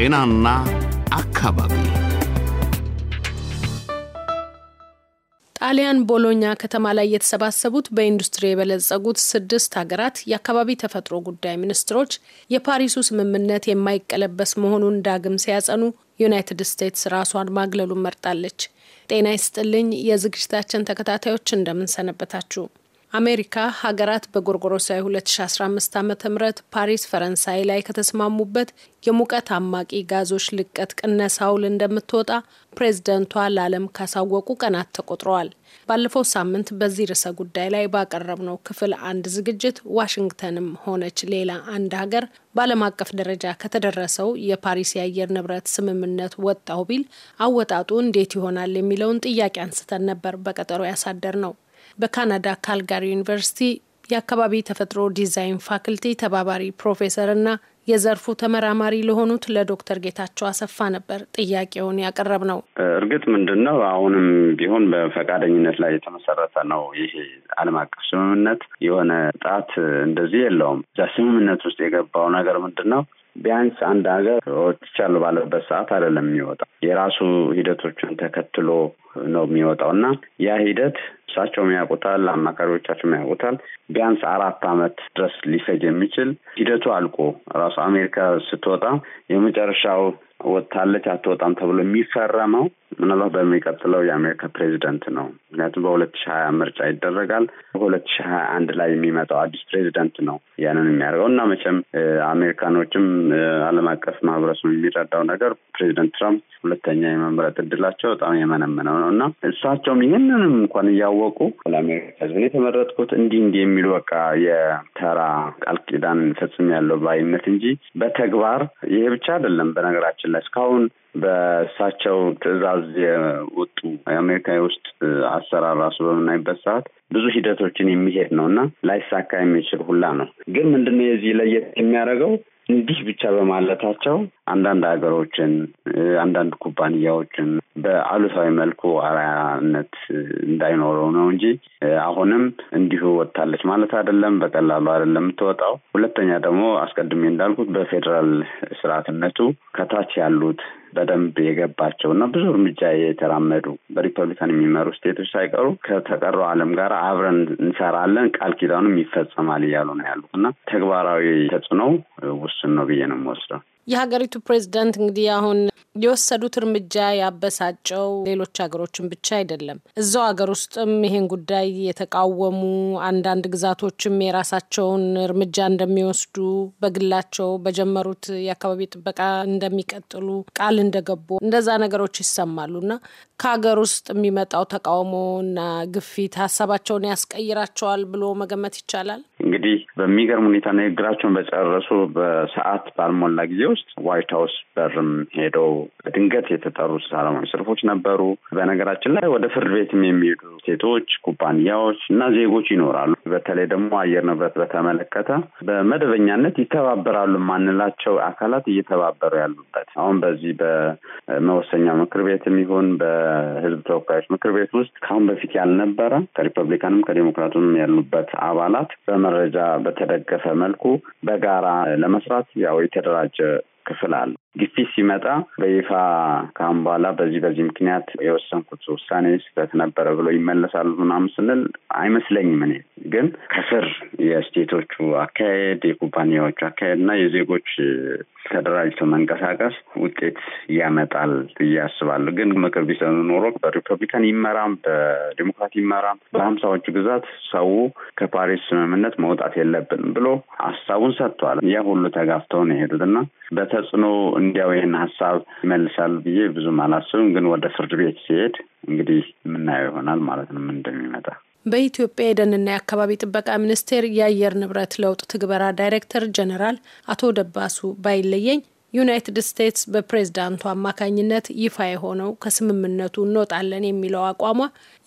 ጤናና አካባቢ ጣሊያን ቦሎኛ ከተማ ላይ የተሰባሰቡት በኢንዱስትሪ የበለጸጉት ስድስት ሀገራት የአካባቢ ተፈጥሮ ጉዳይ ሚኒስትሮች የፓሪሱ ስምምነት የማይቀለበስ መሆኑን ዳግም ሲያጸኑ ዩናይትድ ስቴትስ ራሷን ማግለሉን መርጣለች። ጤና ይስጥልኝ የዝግጅታችን ተከታታዮች እንደምንሰነበታችሁ። አሜሪካ ሀገራት በጎርጎሮሳዊ 2015 ዓ ም ፓሪስ ፈረንሳይ ላይ ከተስማሙበት የሙቀት አማቂ ጋዞች ልቀት ቅነሳውል ውል እንደምትወጣ ፕሬዝደንቷ ለዓለም ካሳወቁ ቀናት ተቆጥረዋል። ባለፈው ሳምንት በዚህ ርዕሰ ጉዳይ ላይ ባቀረብነው ክፍል አንድ ዝግጅት ዋሽንግተንም ሆነች ሌላ አንድ ሀገር በዓለም አቀፍ ደረጃ ከተደረሰው የፓሪስ የአየር ንብረት ስምምነት ወጣው ቢል አወጣጡ እንዴት ይሆናል የሚለውን ጥያቄ አንስተን ነበር በቀጠሮ ያሳደር ነው። በካናዳ ካልጋሪ ዩኒቨርሲቲ የአካባቢ ተፈጥሮ ዲዛይን ፋክልቲ ተባባሪ ፕሮፌሰርና የዘርፉ ተመራማሪ ለሆኑት ለዶክተር ጌታቸው አሰፋ ነበር ጥያቄውን ያቀረብ ነው። እርግጥ ምንድን ነው አሁንም ቢሆን በፈቃደኝነት ላይ የተመሰረተ ነው። ይሄ ዓለም አቀፍ ስምምነት የሆነ ጣት እንደዚህ የለውም። እዛ ስምምነት ውስጥ የገባው ነገር ምንድን ነው ቢያንስ አንድ ሀገር ወጥቻለሁ ባለበት ሰዓት አይደለም የሚወጣው የራሱ ሂደቶችን ተከትሎ ነው የሚወጣው እና ያ ሂደት እሳቸውም ያውቁታል፣ አማካሪዎቻቸውም ያውቁታል። ቢያንስ አራት አመት ድረስ ሊፈጅ የሚችል ሂደቱ አልቆ ራሱ አሜሪካ ስትወጣ የመጨረሻው ወጥታለች አትወጣም ተብሎ የሚፈረመው ምናልባት በሚቀጥለው የአሜሪካ ፕሬዚደንት ነው። ምክንያቱም በሁለት ሺ ሀያ ምርጫ ይደረጋል። በሁለት ሺ ሀያ አንድ ላይ የሚመጣው አዲስ ፕሬዚደንት ነው ያንን የሚያደርገው እና መቼም አሜሪካኖችም ዓለም አቀፍ ማህበረሰቡ የሚረዳው ነገር ፕሬዚደንት ትራምፕ ሁለተኛ የመምረጥ እድላቸው በጣም የመነመነው ነው እና እሳቸውም ይህንንም እንኳን እያወቁ ለአሜሪካ ሕዝብን የተመረጥኩት እንዲህ እንዲህ የሚል በቃ የተራ ቃል ኪዳን ፈጽም ያለው ባይነት እንጂ በተግባር ይሄ ብቻ አይደለም። በነገራችን ላይ እስካሁን በእሳቸው ትዕዛዝ የወጡ የአሜሪካ የውስጥ አሰራር ራሱ በምናይበት ሰዓት ብዙ ሂደቶችን የሚሄድ ነው እና ላይሳካ የሚችል ሁላ ነው። ግን ምንድነው የዚህ ለየት የሚያደርገው እንዲህ ብቻ በማለታቸው አንዳንድ ሀገሮችን አንዳንድ ኩባንያዎችን በአሉታዊ መልኩ አርአያነት እንዳይኖረው ነው እንጂ አሁንም እንዲሁ ወጥታለች ማለት አይደለም። በቀላሉ አይደለም የምትወጣው። ሁለተኛ ደግሞ አስቀድሜ እንዳልኩት በፌዴራል ስርዓትነቱ ከታች ያሉት በደንብ የገባቸው እና ብዙ እርምጃ የተራመዱ በሪፐብሊካን የሚመሩ ስቴቶች ሳይቀሩ ከተቀረው ዓለም ጋር አብረን እንሰራለን ቃል ኪዳኑም ይፈጸማል እያሉ ነው ያሉት እና ተግባራዊ ተጽዕኖ ውስን ነው ብዬ ነው የምወስደው። የሀገሪቱ ፕሬዝዳንት እንግዲህ አሁን የወሰዱት እርምጃ ያበሳጨው ሌሎች ሀገሮችን ብቻ አይደለም። እዛው ሀገር ውስጥም ይሄን ጉዳይ የተቃወሙ አንዳንድ ግዛቶችም የራሳቸውን እርምጃ እንደሚወስዱ በግላቸው በጀመሩት የአካባቢ ጥበቃ እንደሚቀጥሉ ቃል እንደገቡ እንደዛ ነገሮች ይሰማሉ እና ከሀገር ውስጥ የሚመጣው ተቃውሞና ግፊት ሀሳባቸውን ያስቀይራቸዋል ብሎ መገመት ይቻላል። እንግዲህ በሚገርም ሁኔታ ንግግራቸውን በጨረሱ በሰዓት ባልሞላ ጊዜ ውስጥ ዋይት ሀውስ በርም ሄደው በድንገት የተጠሩ ሰላማዊ ሰልፎች ነበሩ። በነገራችን ላይ ወደ ፍርድ ቤትም የሚሄዱ ሴቶች፣ ኩባንያዎች እና ዜጎች ይኖራሉ። በተለይ ደግሞ አየር ንብረት በተመለከተ በመደበኛነት ይተባበራሉ ማንላቸው አካላት እየተባበሩ ያሉበት አሁን በዚህ በመወሰኛ ምክር ቤትም ይሁን በህዝብ ተወካዮች ምክር ቤት ውስጥ ከአሁን በፊት ያልነበረ ከሪፐብሊካንም ከዴሞክራቱም ያሉበት አባላት በመረጃ በተደገፈ መልኩ በጋራ ለመስራት ያው የተደራጀ ክፍል አለ። ግፊት ሲመጣ በይፋ ካሁን በኋላ በዚህ በዚህ ምክንያት የወሰንኩት ውሳኔ ስህተት ነበረ ብሎ ይመለሳሉ ምናምን ስንል አይመስለኝም። እኔ ግን ከስር የስቴቶቹ አካሄድ፣ የኩባንያዎቹ አካሄድ እና የዜጎች ተደራጅቶ መንቀሳቀስ ውጤት ያመጣል ብዬ አስባለሁ። ግን ምክር ቢሰኑ ኖሮ በሪፐብሊካን ይመራም በዲሞክራት ይመራም በሀምሳዎቹ ግዛት ሰው ከፓሪስ ስምምነት መውጣት የለብንም ብሎ ሀሳቡን ሰጥቷል። ያ ሁሉ ተጋፍተው ነው የሄዱት እና በተጽዕኖ እንዲያው ይህን ሀሳብ ይመልሳል ብዬ ብዙም አላስብም። ግን ወደ ፍርድ ቤት ሲሄድ እንግዲህ የምናየው ይሆናል ማለት ነው ምን እንደሚመጣ በኢትዮጵያ የደንና የአካባቢ ጥበቃ ሚኒስቴር የአየር ንብረት ለውጥ ትግበራ ዳይሬክተር ጀነራል አቶ ደባሱ ባይለየኝ ዩናይትድ ስቴትስ በፕሬዝዳንቱ አማካኝነት ይፋ የሆነው ከስምምነቱ እንወጣለን የሚለው አቋሟ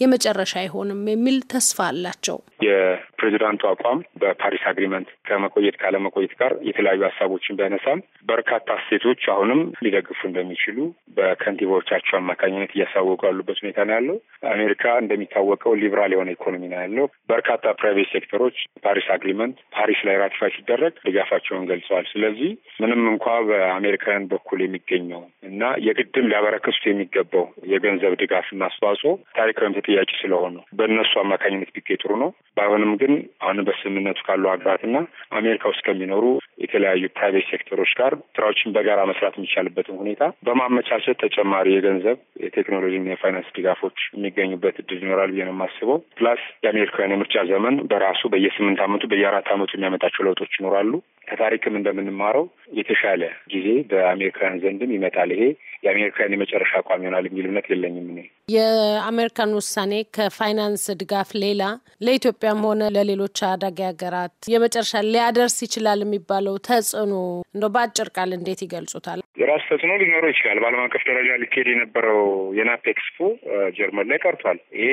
የመጨረሻ አይሆንም የሚል ተስፋ አላቸው። የፕሬዝዳንቱ አቋም በፓሪስ አግሪመንት ከመቆየት ካለመቆየት ጋር የተለያዩ ሀሳቦችን ቢያነሳም በርካታ ስቴቶች አሁንም ሊደግፉ እንደሚችሉ በከንቲባዎቻቸው አማካኝነት እያሳወቁ ያሉበት ሁኔታ ነው ያለው። አሜሪካ እንደሚታወቀው ሊብራል የሆነ ኢኮኖሚ ነው ያለው። በርካታ ፕራይቬት ሴክተሮች ፓሪስ አግሪመንት ፓሪስ ላይ ራቲፋይ ሲደረግ ድጋፋቸውን ገልጸዋል። ስለዚህ ምንም እንኳ በአሜሪካውያን በኩል የሚገኘው እና የግድም ሊያበረክቱት የሚገባው የገንዘብ ድጋፍና አስተዋጽኦ ታሪካዊም ተጠያቂ ስለሆኑ በእነሱ አማካኝነት ቢገኝ ጥሩ ነው። ባይሆንም ግን አሁን በስምምነቱ ካሉ ሀገራትና አሜሪካ ውስጥ ከሚኖሩ የተለያዩ ፕራይቬት ሴክተሮች ጋር ስራዎችን በጋራ መስራት የሚቻልበትን ሁኔታ በማመቻቸት ተጨማሪ የገንዘብ የቴክኖሎጂና የፋይናንስ ድጋፎች የሚገኙበት እድል ይኖራል ብዬ ነው የማስበው። ፕላስ የአሜሪካውያን የምርጫ ዘመን በራሱ በየስምንት ዓመቱ በየአራት ዓመቱ የሚያመጣቸው ለውጦች ይኖራሉ። ከታሪክም እንደምንማረው የተሻለ ጊዜ ይሄ በአሜሪካውያን ዘንድም ይመጣል፣ ይሄ የአሜሪካን የመጨረሻ አቋም ይሆናል የሚል እምነት የለኝም። እኔ የአሜሪካን ውሳኔ ከፋይናንስ ድጋፍ ሌላ ለኢትዮጵያም ሆነ ለሌሎች አዳጊ ሀገራት የመጨረሻ ሊያደርስ ይችላል የሚባለው ተጽዕኖ እንደ በአጭር ቃል እንዴት ይገልጹታል? የራሱ ተጽዕኖ ሊኖረው ይችላል። በዓለም አቀፍ ደረጃ ሊካሄድ የነበረው የናፕ ኤክስፖ ጀርመን ላይ ቀርቷል። ይሄ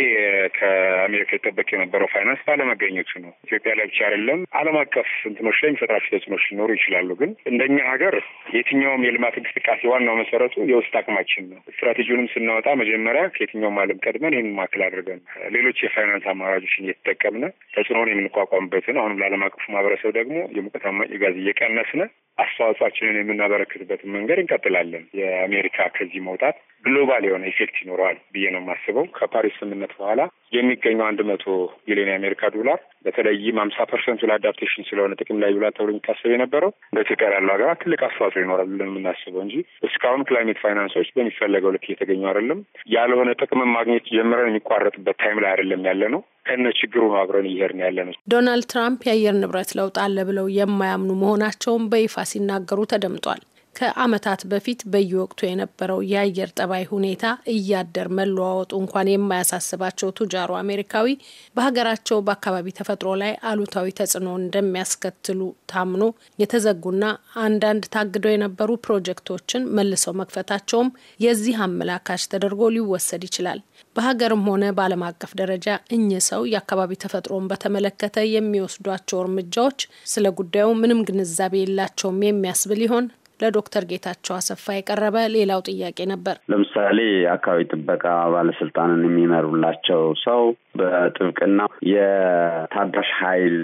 ከአሜሪካ ይጠበቅ የነበረው ፋይናንስ ባለመገኘቱ ነው። ኢትዮጵያ ላይ ብቻ አይደለም፣ ዓለም አቀፍ እንትኖች ላይ የሚፈጥራቸው ተጽዕኖች ሊኖሩ ይችላሉ። ግን እንደኛ ሀገር የትኛውም የልማት እንቅስቃሴ ዋናው መሰረቱ የውስጥ አቅማችን ነው። ስትራቴጂውንም ስናወጣ መጀመሪያ ከየትኛውም ዓለም ቀድመን ይህን ማዕከል አድርገን ሌሎች የፋይናንስ አማራጮችን እየተጠቀምነ ተጽዕኖን የምንቋቋምበትን አሁንም ለዓለም አቀፉ ማህበረሰብ ደግሞ የሙቀት አማቂ ጋዝ እየቀነስነ አስተዋጽኦአችንን የምናበረክትበትን መንገድ እንቀጥላለን። የአሜሪካ ከዚህ መውጣት ግሎባል የሆነ ኢፌክት ይኖረዋል ብዬ ነው የማስበው። ከፓሪስ ስምምነት በኋላ የሚገኘው አንድ መቶ ቢሊዮን የአሜሪካ ዶላር በተለይም ሀምሳ ፐርሰንቱ ለአዳፕቴሽን ስለሆነ ጥቅም ላይ ይውላል ተብሎ የሚታሰብ የነበረው እንደ ያለው ሀገራት ትልቅ አስተዋጽኦ ይኖራል ብለን የምናስበው እንጂ እስካሁን ክላይሜት ፋይናንሶች በሚፈለገው ልክ እየተገኙ አይደለም። ያልሆነ ጥቅምን ማግኘት ጀምረን የሚቋረጥበት ታይም ላይ አይደለም ያለ ነው። ከነ ችግሩ ነው አብረን እየሄድን ያለ ነው። ዶናልድ ትራምፕ የአየር ንብረት ለውጥ አለ ብለው የማያምኑ መሆናቸውን በይፋ ሲናገሩ ተደምጧል። ከዓመታት በፊት በየወቅቱ የነበረው የአየር ጠባይ ሁኔታ እያደር መለዋወጡ እንኳን የማያሳስባቸው ቱጃሩ አሜሪካዊ በሀገራቸው በአካባቢ ተፈጥሮ ላይ አሉታዊ ተጽዕኖ እንደሚያስከትሉ ታምኖ የተዘጉና አንዳንድ ታግደው የነበሩ ፕሮጀክቶችን መልሰው መክፈታቸውም የዚህ አመላካች ተደርጎ ሊወሰድ ይችላል። በሀገርም ሆነ በዓለም አቀፍ ደረጃ እኚህ ሰው የአካባቢ ተፈጥሮን በተመለከተ የሚወስዷቸው እርምጃዎች ስለ ጉዳዩ ምንም ግንዛቤ የላቸውም የሚያስብል ይሆን? ለዶክተር ጌታቸው አሰፋ የቀረበ ሌላው ጥያቄ ነበር። ለምሳሌ የአካባቢ ጥበቃ ባለስልጣንን የሚመሩላቸው ሰው በጥብቅና የታዳሽ ኃይል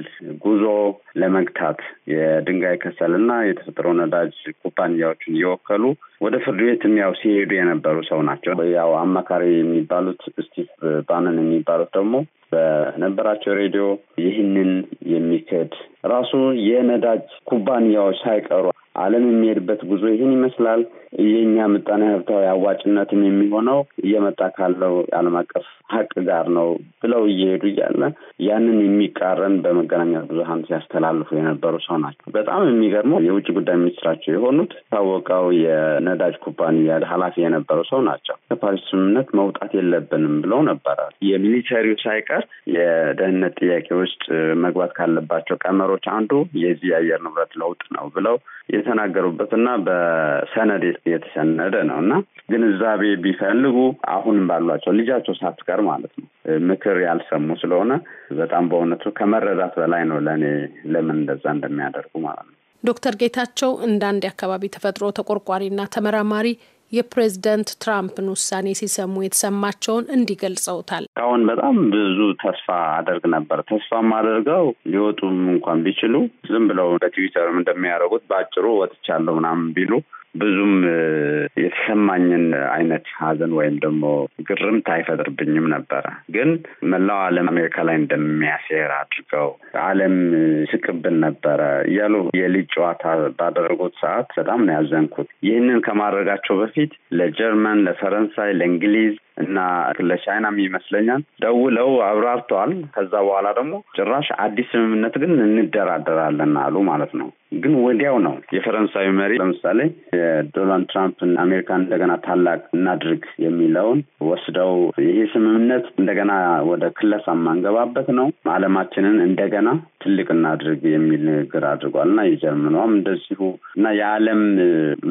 ጉዞ ለመግታት የድንጋይ ከሰልና የተፈጥሮ ነዳጅ ኩባንያዎችን እየወከሉ ወደ ፍርድ ቤትም ያው ሲሄዱ የነበሩ ሰው ናቸው። ያው አማካሪ የሚባሉት ስቲቭ ባነን የሚባሉት ደግሞ በነበራቸው ሬዲዮ ይህንን የሚክድ ራሱ የነዳጅ ኩባንያዎች ሳይቀሩ ዓለም የሚሄድበት ጉዞ ይህን ይመስላል። የእኛ ምጣኔ ሀብታዊ አዋጭነትም የሚሆነው እየመጣ ካለው የዓለም አቀፍ ሀቅ ጋር ነው ብለው እየሄዱ እያለ ያንን የሚቃረን በመገናኛ ብዙሀን ሲያስተላልፉ የነበሩ ሰው ናቸው። በጣም የሚገርመው የውጭ ጉዳይ ሚኒስትራቸው የሆኑት ታወቀው የነዳጅ ኩባንያ ኃላፊ የነበሩ ሰው ናቸው። ከፓሪስ ስምምነት መውጣት የለብንም ብለው ነበረ። የሚሊተሪው ሳይቀር የደህንነት ጥያቄ ውስጥ መግባት ካለባቸው ቀመሮች አንዱ የዚህ የአየር ንብረት ለውጥ ነው ብለው የተናገሩበት እና በሰነድ የተሰነደ ነው እና ግንዛቤ ቢፈልጉ አሁንም ባሏቸው ልጃቸው ሳትቀር ማለት ነው ምክር ያልሰሙ ስለሆነ በጣም በእውነቱ ከመረዳት በላይ ነው ለእኔ ለምን እንደዛ እንደሚያደርጉ ማለት ነው። ዶክተር ጌታቸው እንደ አንድ የአካባቢ ተፈጥሮ ተቆርቋሪና ተመራማሪ የፕሬዝደንት ትራምፕን ውሳኔ ሲሰሙ የተሰማቸውን እንዲህ ገልጸውታል። እስካሁን በጣም ብዙ ተስፋ አደርግ ነበር። ተስፋም አድርገው ሊወጡም እንኳን ቢችሉ ዝም ብለው በትዊተርም እንደሚያደርጉት በአጭሩ ወጥቻለሁ ምናምን ቢሉ ብዙም የተሰማኝን አይነት ሀዘን ወይም ደግሞ ግርምት አይፈጥርብኝም ነበረ። ግን መላው ዓለም አሜሪካ ላይ እንደሚያሴር አድርገው ዓለም ስቅብን ነበረ እያሉ የልጅ ጨዋታ ባደረጉት ሰዓት በጣም ነው ያዘንኩት። ይህንን ከማድረጋቸው በፊት ለጀርመን፣ ለፈረንሳይ፣ ለእንግሊዝ እና ለቻይናም ይመስለኛል ደውለው አብራርተዋል። ከዛ በኋላ ደግሞ ጭራሽ አዲስ ስምምነት ግን እንደራደራለን አሉ ማለት ነው። ግን ወዲያው ነው የፈረንሳዊ መሪ ለምሳሌ የዶናልድ ትራምፕን አሜሪካን እንደገና ታላቅ እናድርግ የሚለውን ወስደው ይሄ ስምምነት እንደገና ወደ ክለሳ ማንገባበት ነው፣ ዓለማችንን እንደገና ትልቅ እናድርግ የሚል ንግግር አድርጓል እና የጀርመኗም እንደዚሁ እና የዓለም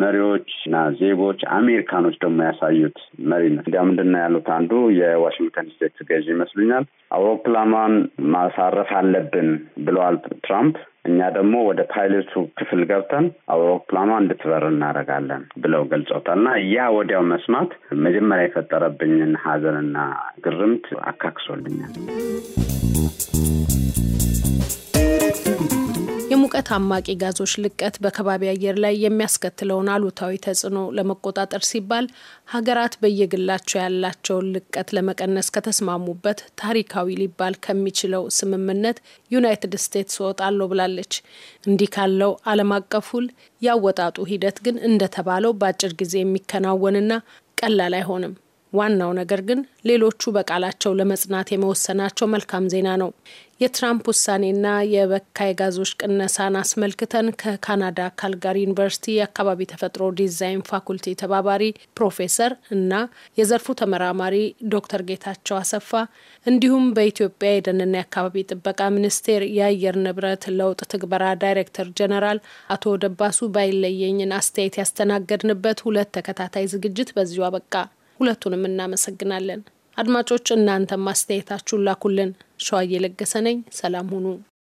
መሪዎች እና ዜጎች አሜሪካኖች ደግሞ ያሳዩት መሪነት እንዲያ ምንድን ነው ያሉት። አንዱ የዋሽንግተን ስቴት ገዥ ይመስሉኛል። አውሮፕላኗን ማሳረፍ አለብን ብለዋል ትራምፕ። እኛ ደግሞ ወደ ፓይለቱ ክፍል ገብተን አውሮፕላኗ እንድትበር እናደርጋለን ብለው ገልጾታል እና ያ ወዲያው መስማት መጀመሪያ የፈጠረብኝን ሀዘንና ግርምት አካክሶልኛል። የሙቀት አማቂ ጋዞች ልቀት በከባቢ አየር ላይ የሚያስከትለውን አሉታዊ ተጽዕኖ ለመቆጣጠር ሲባል ሀገራት በየግላቸው ያላቸውን ልቀት ለመቀነስ ከተስማሙበት ታሪካዊ ሊባል ከሚችለው ስምምነት ዩናይትድ ስቴትስ እወጣለሁ ብላለች። እንዲህ ካለው ዓለም አቀፍ ውል ያወጣጡ ሂደት ግን እንደተባለው በአጭር ጊዜ የሚከናወንና ቀላል አይሆንም። ዋናው ነገር ግን ሌሎቹ በቃላቸው ለመጽናት የመወሰናቸው መልካም ዜና ነው። የትራምፕ ውሳኔና የበካይ ጋዞች ቅነሳን አስመልክተን ከካናዳ ካልጋሪ ዩኒቨርሲቲ የአካባቢ ተፈጥሮ ዲዛይን ፋኩልቲ ተባባሪ ፕሮፌሰር እና የዘርፉ ተመራማሪ ዶክተር ጌታቸው አሰፋ እንዲሁም በኢትዮጵያ የደንና የአካባቢ ጥበቃ ሚኒስቴር የአየር ንብረት ለውጥ ትግበራ ዳይሬክተር ጀነራል አቶ ደባሱ ባይለየኝን አስተያየት ያስተናገድንበት ሁለት ተከታታይ ዝግጅት በዚሁ አበቃ። ሁለቱንም እናመሰግናለን። አድማጮች እናንተም አስተያየታችሁን ላኩልን። ሸዋ እየለገሰ ነኝ። ሰላም ሁኑ።